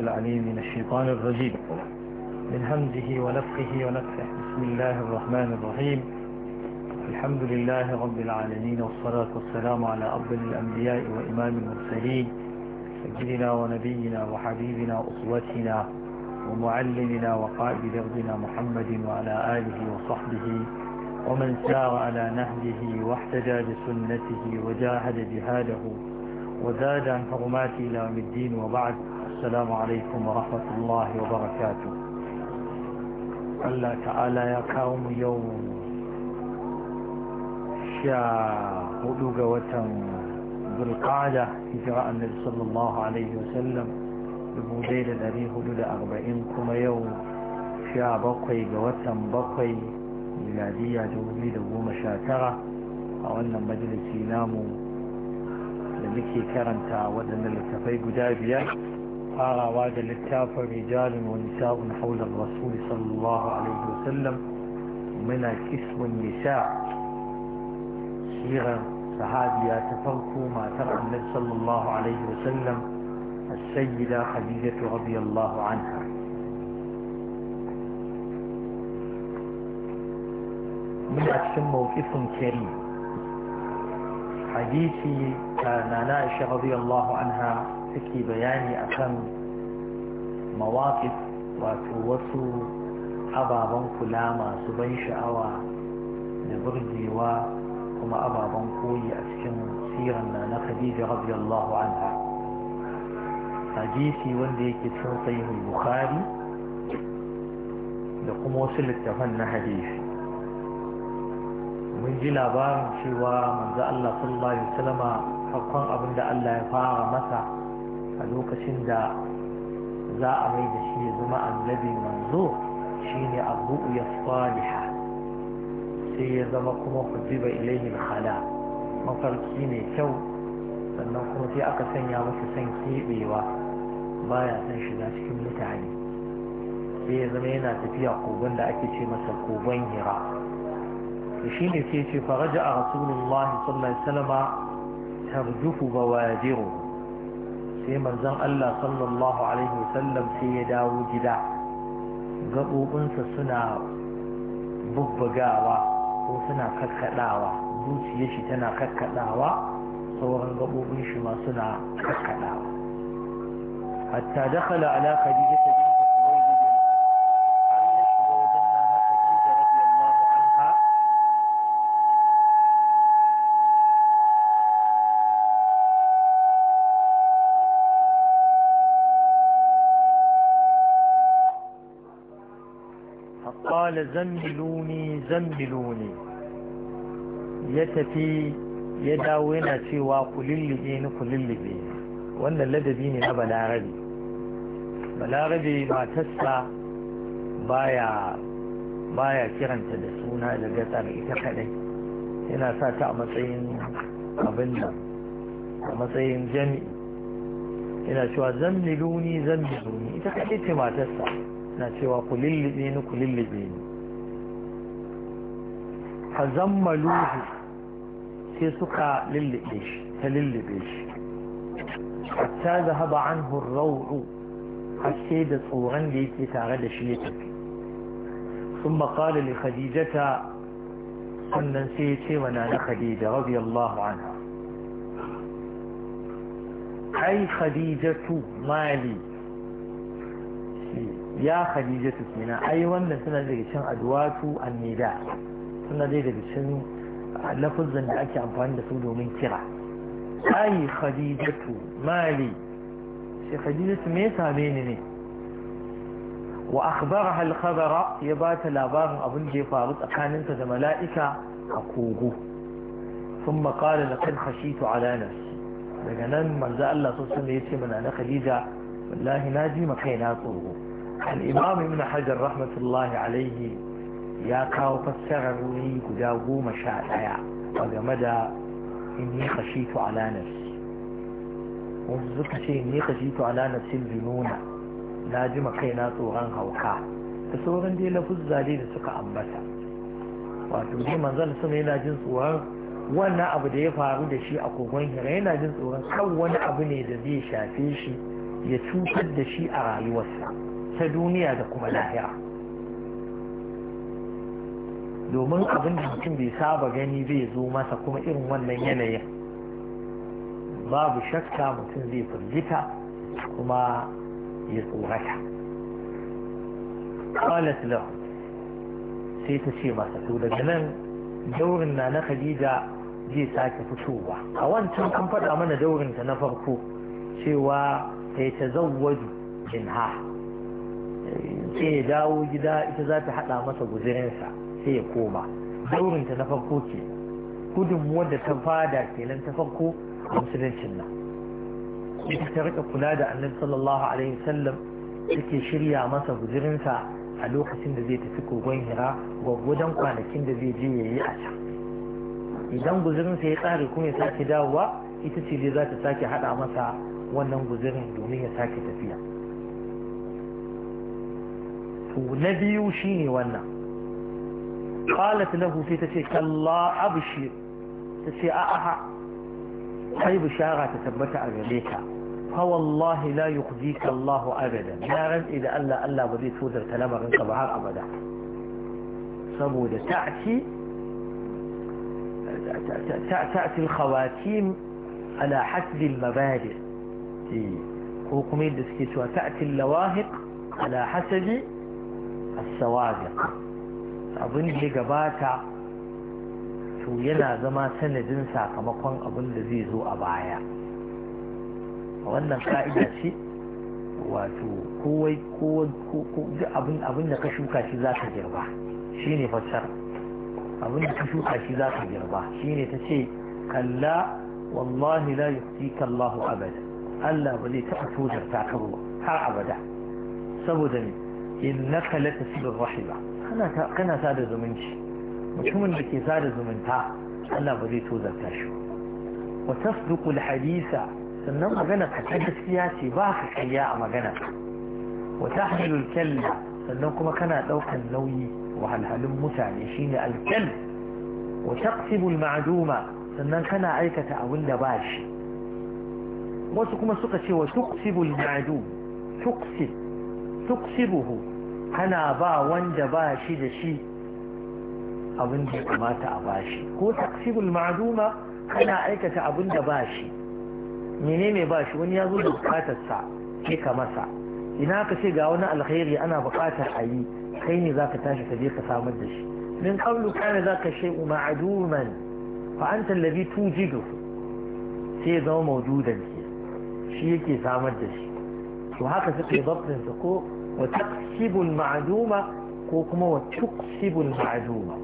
العليم من الشيطان الرجيم من همزه ونفخه ونفخه بسم الله الرحمن الرحيم الحمد لله رب العالمين والصلاة والسلام على أفضل الأنبياء وإمام المرسلين سيدنا ونبينا وحبيبنا أسوتنا ومعلمنا وقائد دربنا محمد وعلى آله وصحبه ومن سار على نهجه واحتجى بسنته وجاهد جهاده وزاد عن حرمات إلى يوم الدين وبعد السلام عليكم ورحمة الله وبركاته الله تعالى يا كوم يوم شا هدوغ وتن بالقعدة إجراء النبي صلى الله عليه وسلم بموديل الذي هدود أربعين كما يوم شا بقي وتن بقي ميلادية جمهورية ومشاترة أولا مجلس نامو da muke karanta waɗannan littafai guda biyar قال وعد الكافر رجال ونساء حول الرسول صلى الله عليه وسلم من كسب النساء فهاد يا أتفرقوا ما ترى النبي صلى الله عليه وسلم السيدة خديجة رضي الله عنها من أكثر موقف كريم حديثي كان عائشة رضي الله عنها suke bayani a kan mawaƙif wato wasu ababen kula masu ban sha'awa da burgewa kuma ababen koyi a cikin siran na na khadija radiyallahu anha hadisi wanda yake cikin sahihul bukhari da kuma wasu littafan na hadisi mun ji labarin cewa manzo Allah sallallahu alaihi wasallama farkon abin da Allah ya fara masa a lokacin da za a mai da shi ya zama annabi manzo shine abu ya saliha sai ya zama kuma kujiba ilayhi hala mafarki mai kyau sannan kuma sai aka sanya masa san keɓewa baya son shiga cikin mutane sai ya zama yana tafiya kogon da ake ce masa kogon hira shi ne ke ce faraja a rasulullahi sallallahu alaihi wasallama tarjufu bawajiruhu sai manzon Allah sallallahu alaihi wasallam sai ya dawo gida gaɓoɓinsa suna bubbugawa ko suna kakkaɗawa zuciyar shi tana kakkaɗawa sauran gaɓoɓin shi ma suna kakkaɗawa hatta dakhala ala khadija qala zammiluni zammiluni ya tafi ya dawo yana cewa ku ni ku wannan ladabi ne na balarabe balarabe matarsa baya baya kiranta da suna da gasar ita kadai yana sa ta a matsayin abin nan a matsayin jami'i yana cewa zan miluni ita kadai ce matarsa na cewa ku lullube ni ku lullube ni fa zammaluhu sai suka lullube shi ta lullube shi hatta zahaba anhu ar-raw'u haske da tsoron da yake tare da shi ne tafi sun ثم قال لخديجة sannan sai ya ce wa na khadija radiyallahu anha ai khadijatu mali ya khadija su kenan ai wannan suna daga cikin adwatu annida suna daga cikin lafazan da ake amfani da su domin kira ai khadijatu mali shi khadijatu me same ni ne wa akhbaraha al-khabara ya ba ta labarin abin da ya faru tsakaninta da mala'ika a kogo ثم قال لقد خشيت على نفسي daga nan manzo Allah sosai ne ya ce mana na Khadija wallahi na ji ma kaina tsoro الإمام ابن حجر رحمة الله عليه يا كاو فسرني قدا قوم شاعيا وجمد إني خشيت على نفسي وزك شيء إني خشيت على نفسي الجنون ناجم كينا وغن هوكا تصورن دي لفظ زادي لسكا أمتا وتودي منزل سمينا جنس وهر wannan abu da ya faru da shi غين kogon hira yana jin tsoron kan wani abu ne da zai shafe shi ta duniya da kuma lahira domin abin da mutum bai saba gani zai zo masa kuma irin wannan yanayin babu shakka mutum zai firgita kuma ya tsorata qalat lahu sai ta ce masa to daga nan daurin na na khadija zai sake fitowa a wancan an faɗa mana daurinta na farko cewa ta yi ta zawwaju jinha sai ya dawo gida ita za ta haɗa masa guzurinsa sai ya koma daurinta na farko ke gudun wadda ta fada kenan ta farko a musuluncin nan ita ta rika kula da annabi sallallahu alaihi wasallam take shirya masa guzirinsa a lokacin da zai tafi kogon hira gwaggwadon kwanakin da zai je ya yi a can idan guzirinsa ya tsare kuma ya sake dawowa ita ce zai za ta sake haɗa masa wannan guzirin domin ya sake tafiya to na biyu shine wannan qalat lahu sai tace kalla ta tace a aha kai bishara ta tabbata a gare ka yi wallahi la yukhzika Allah abada ya rantsi da Allah Allah ba zai sodar ta lamarin ka ba har abada saboda ta'ti ta'ti al-khawatim ala hasbi al-mabadi eh, ko kuma yadda suke cewa ta'ti al-lawahiq ala hasabi as-sawabiq abin da ya gabata to yana zama sanadin sakamakon abin da zai zo a baya wannan ka'ida ce wato kowai abin abin da ka shuka shi za ka girba shi ne fassar abin da ka shuka shi za ka girba shi ne ta ce kalla wallahi la yusika Allahu abada Allah ba zai taɓa sojar takarwa har abada saboda ne innaka latasilur rahima kana kana sada zumunci mutumin da ke sada zumunta Allah ba zai tozarta shi wa tasduqul hadisa sannan magana ka ta gaskiya ce ba ka kayya a magana wa tahmilul kalla sannan kuma kana daukan nauyi wahalhalun mutane shine alkal wa taqsibul ma'duma sannan kana aikata abin da ba shi wasu kuma suka ce wa tuqsibul ma'dum tuqsib tuqsibuhu kana ba wanda ba shi da shi abin da kamata a shi ko taksibul ma'duma kana aikata abin da ba shi mene mai ba shi wani ya zo da bukatarsa ke ka masa ina ka ce ga wani alkhairi ana bukatar a yi kai ne za ka tashi ka je ka samar da shi min qablu kana za ka shay'u ma'duman fa anta alladhi tujidu sai ya zama maududan shi yake samar da shi to haka suka yi babtinsa ko wa taksibul ma'duma ko kuma wa tuksibul ma'duma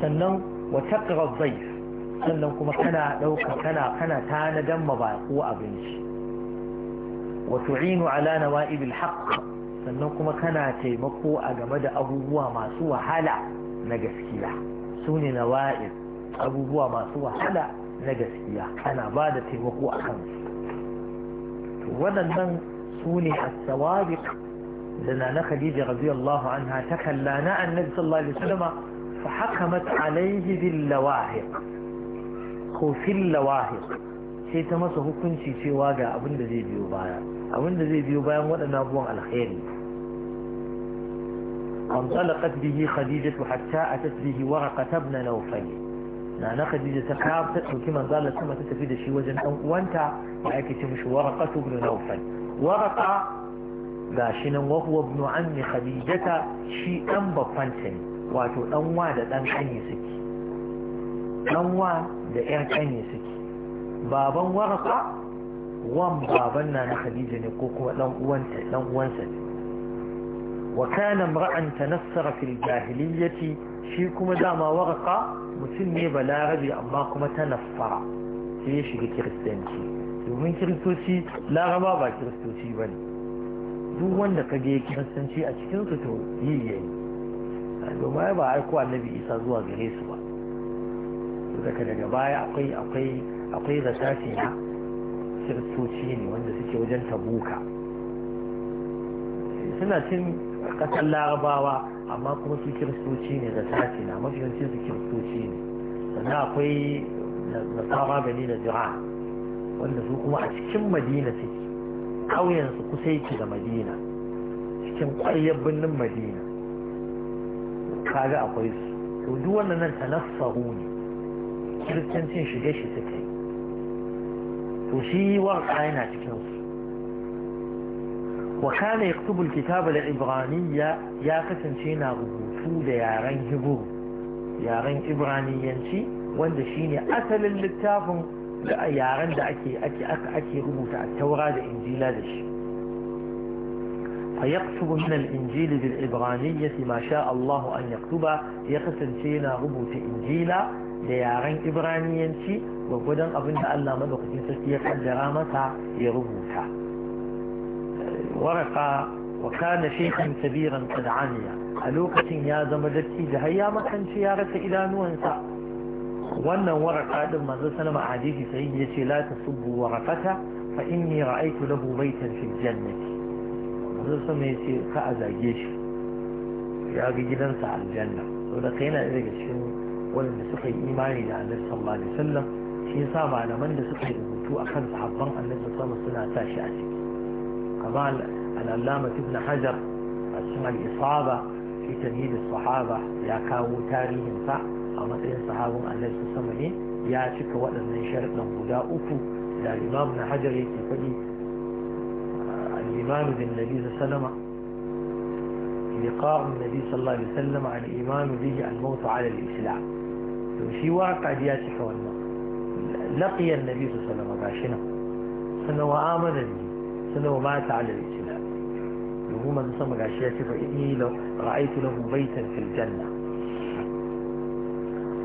sannan wa taqra sannan kuma kana dauka kana kana tanadan mabaqo abinci wa ala nawa'ib al-haqq sannan kuma kana taimako a game da abubuwa masu wahala na gaskiya sune nawa'ib abubuwa masu wahala na gaskiya ana ba da taimako a kansu waɗannan su ne as-sawabiq da na Khadija radiyallahu anha ta kalla na annabi sallallahu alaihi wasallam fa hakamat alaihi bil lawahiq ko fil lawahiq sai ta masa hukunci cewa ga abin da zai biyo baya abin da zai biyo bayan waɗannan abubuwan alkhairi انطلقت به خديجة حتى أتت به ورقة ابن نوفل na na khadija ta ka ta ɗauki manzala sama ta tafi da shi wajen ɗan uwanta da ake ce mishi waraka ibn nawfal waraka ga shi nan wa huwa ibn ammi khadijata shi ɗan babban ne wato dan wa da dan ƙani suke dan wa da ƴan ƙani suke baban waraka wan baban na na khadija ne ko kuma dan uwanta ɗan uwansa ne وكان امرأ تنصر في الجاهلية shi kuma dama waraka mutum ne balarabe amma kuma ta nasara sai ya shiga kiristanci domin kiristoci laraba ba kiristoci ba ne duk wanda ka ga kiristanci a cikin su to yi yayi domin ba aiko annabi isa zuwa gare su ba daga daga baya akwai akwai akwai na kiristoci ne wanda suke wajen tabuka suna cin a ƙasar larabawa amma kuma su kiristoci ne da sati na mafi yawanci su kiristoci ne sannan akwai nasara gani da jira wanda su kuma a cikin madina suke su kusa yake da madina cikin ƙwayar birnin madina kaga akwai su to duk wannan nan tanassahu ne kiristancin shige shi suka yi to shi warka yana cikin su وكان يكتب الكتاب العبرانية يا كسن شينا ربوتو دا يارين هبور يارين إبرانيا شي وان شيني أسل اللتاف يارين دا أكي أكي أكي, أكي ربوتا التوراة دا إنجيلا دا شي فيكتب من الإنجيل بالعبرانية ما شاء الله أن يكتب يكسن شينا ربوت إنجيلا da yaren ibraniyanci gwagwadon abin da Allah madaukakin sarki ya kaddara masa ya rubuta ورقة وكان شيخا كبيرا قد عمي ألوكة يا زمدتي جهيا ما كان شيارة إلى نوانسا وأن ورقة لما زلنا مع حديث سيدي لا تسبوا ورقته فإني رأيت له بيتا في الجنة زلنا يسي كأذا جيش يا جدنسا على الجنة ولقينا إذا جشن ولن سقي إيماني لأن صلى الله عليه وسلم shi yasa malaman da suka rubutu akan sahabban annabi sallallahu alaihi wasallam suna tashi a ciki رمضان العلامة ابن حجر اسمها الإصابة في تمهيد الصحابة يا كاو تاريهم فا أما تين صحابهم أن ليس سمعين يا شك وأن من شرط لهم بدا أفو دا الإمام ابن حجر يتفدي الإمام ذي النبي صلى الله عليه وسلم لقاء النبي صلى الله عليه وسلم عن الإيمان به الموت على الإسلام في واقع يا شك لقي النبي صلى الله عليه وسلم قاشنا سنة وآمنني sannan wa mata ala al-islam domin manzo sama gashi ya ce fa inni la ra'aytu lahu baytan fil janna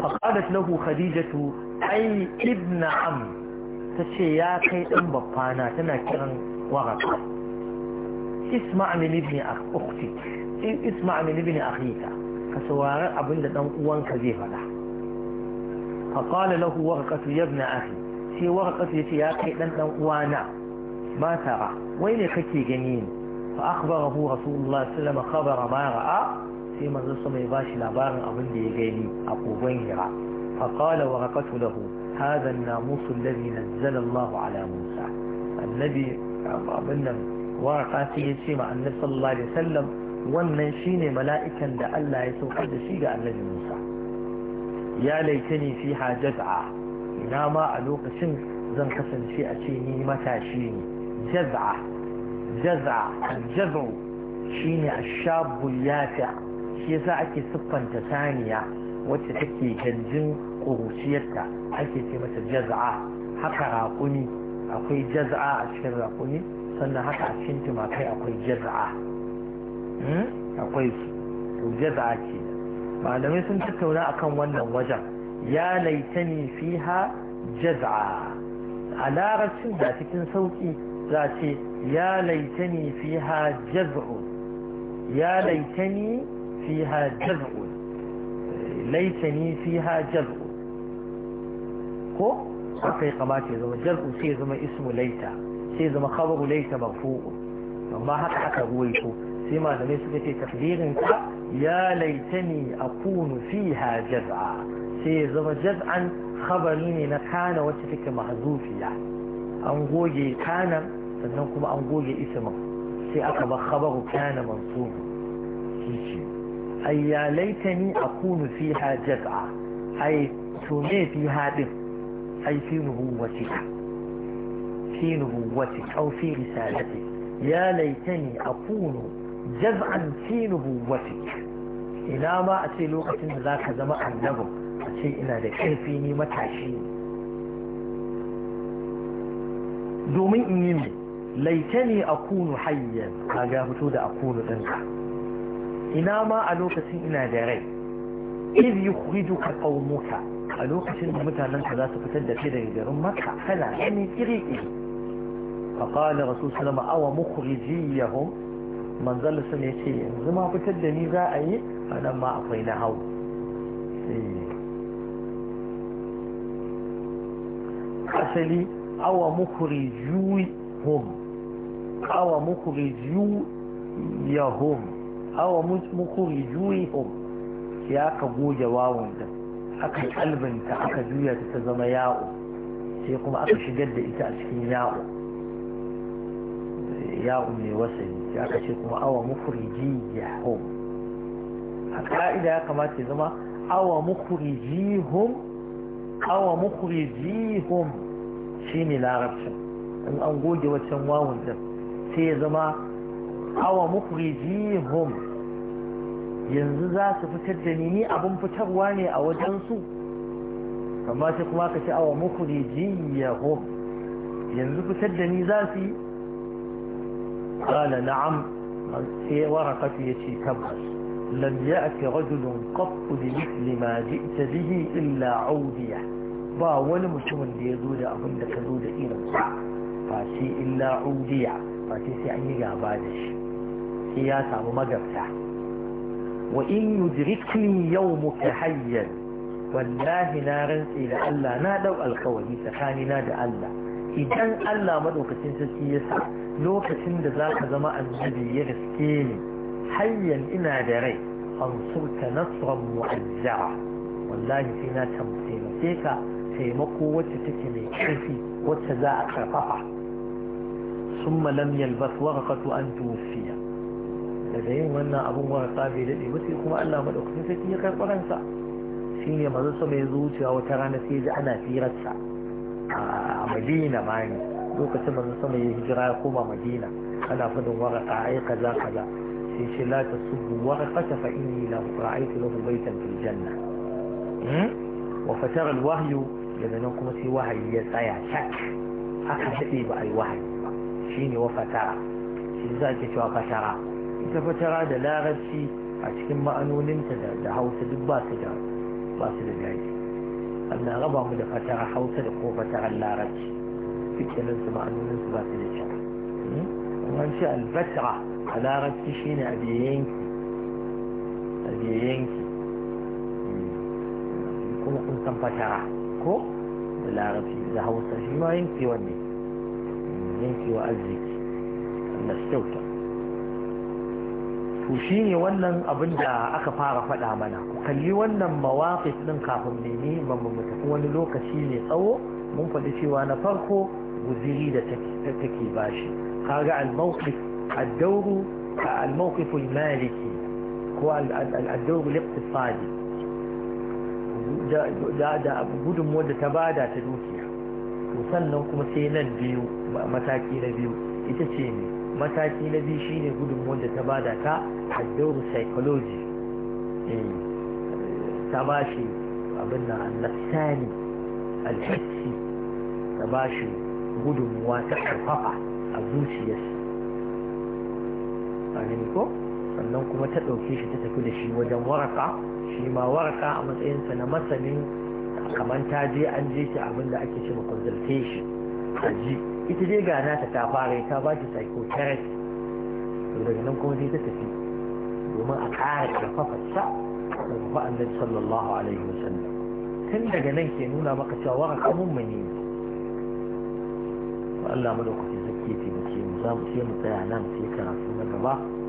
fa qalat lahu khadijatu ay ibn am ce ya kai ɗan babbana tana kiran waraka isma' min ibn ukhtik isma' abinda uwanka zai faɗa فقال له ورقة يا ابن أخي سي ورقة يتي يا كي دان دان ما ترى وين كتي جنين فأخبره رسول الله صلى الله عليه وسلم خبر ما رأى في من رسم يباشي لابار أبن دي جيني أبو بنهرا فقال ورقته له هذا الناموس الذي نزل الله على موسى النبي أبن ورقاتي يسمع النبي صلى الله عليه وسلم wannan shine mala'ikan da Allah ya saukar da shi ga annabi Musa ya laitani fi hajat'a ina ma a lokacin zan kasance a ce ni matashi ne jaz'a jaz'a jaz shine ashabu yafi shi yasa ake siffanta saniya wacce take ganjin ƙuruciyarta ake ce mata jaz'a haka raƙuni akwai jaz'a a cikin raƙuni sannan haka a cikin tumakai akwai jaz'a akwai to jaz'a ce malamai sun tattauna kan wannan wajen ya laitani fiha jaz'a a larabcin da cikin sauki. za ce ya laitani fiha jaz'un ya laitani fiha jaz'un laitani fiha jaz'un ko haka kamata ya zama jaz'u sai ya zama ismu laita sai ya zama khabaru laita marfu'u amma haka haka ruwaito sai malamai suka ce takdirin ka ya laitani akunu fiha jaz'a sai ya zama jaz'an khabari ne na kana wacce take mahzufiya an goge kana sannan kuma an goge ismin sai aka bar khabaru kana mansub shi ce ya laitani akunu fiha jaz'a ay to me fiha din ay fi nubuwati fi nubuwati aw fi risalati ya laitani akunu jaz'an fi nubuwati ina ma a ce lokacin da zaka zama annabi a ce ina da ƙarfi ni matashi ne domin in yi ne laitani akunu hayyan kaga fito da kunu ɗinka ina ma a lokacin ina da rai iz yukhrijuka qaumuka a lokacin da mutanen ka za su fitar da kai daga garin makka kana a kiri rasu su nama awa muku aw mukhrijiyahum manzal sun yace yanzu ma fitar da ni za a yi nan ma akwai na hau eh. asali awa mukhrijuhum awa mukhrijuyahum awa mukhrijuhum sai aka goge wawun da aka kalbinta aka juya ta ta zama ya'u sai kuma aka shigar da ita a cikin ya'u ya'u mai wasani sai aka ce kuma awa mukhrijiyahum a ka'ida ya kamata ya zama awa mukhrijihum awa mukhrijihum شيني لاغبش ان انقول دي وشن واون سي زما او مخرجيهم ينزو ذا سفتر دنيني ابن فتر واني او جنسو فما شك ما كشي او مخرجيهم ينزو فتر دني ذاتي قال نعم سي ورقة يشي كبس لم يأتي رجل قط لمثل ما جئت به إلا عودية ba wani mutumin da ya zo da abin da ka zo da irin ba sai illa udiya ba sai sai an yi gaba da shi sai ya samu magabta wa in yudrikni yawmuka hayyan wallahi na rantse da Allah na dau alkawari tsakanina da Allah idan Allah madaukakin sarki ya sa lokacin da za ka zama annabi ya gaske ni hayyan ina da rai an surta nasran mu'azzara wallahi sai na tamsaye ka taimako wacce take mai ƙarfi wacce za a karfafa sun malam yalbas warakatu an tuwusiya daga yin wannan abin warasa bai daɗe ba sai kuma allah maɗaukacin sarki ya karɓi ransa shi ne mazu sama ya zuciya wata rana sai ji ana firarsa a madina ma ne lokacin mazu sama mai hijira ya koma madina ana fadin waraka ai kaza kaza sai shi la ta subu warakata fa inni la ra'aytu lahu baytan fil janna وفتر الوهي daga nan kuma sai wahayi ya tsaya shak aka daɗe ba a yi wahayi ba shi ne wa fatara shi za ke cewa fatara ita fatara da larabci a cikin ma'anoninta da hausa duk ba su da ba su da daji Allah raba mu da fatara hausa da ko fataran larabci dukkanin su ma'anonin su ba su da hmm? kuma an ce albatara a larabci shi ne a yanki a yanki hmm. kuma kun san fatara ko da larabci da hausa shi ma yankewa ne yankewa arziki na shi to shi ne wannan abin da aka fara faɗa mana ku kalli wannan mawaƙis ɗin kafin ne ba mu tafi wani lokaci mai tsawo mun faɗi cewa na farko guziri da take bashi kaga al-mawqif ad-dawru al-mawqif al-maliki ko al-dawru al-iqtisadi da abu gudun wanda ta bada ta dukiya to sannan kuma sai nan biyu mataki na biyu ita ce ne mataki na biyu shine gudun wanda ta bada ta addauru psychology eh, ta ba shi abin na annafsani alhissi ta ba shi gudunmuwa ta karfafa a zuciyarsa a ko sannan kuma ta ɗauke shi ta tafi da shi wajen waraka shi ma warka a matsayinsa na masanin kamar ta je an je shi abin da ake cewa consultation a ji ita dai ga nata ta fara ta ba shi psychotherapy to daga nan kuma sai ta tafi domin a ƙara ƙarfafarsa da kuma annabi sallallahu alaihi wasallam tun daga nan ke nuna maka cewa waraka mu ne Allah mu da kuke mu ce mu sai mu tsaya nan sai karatu na gaba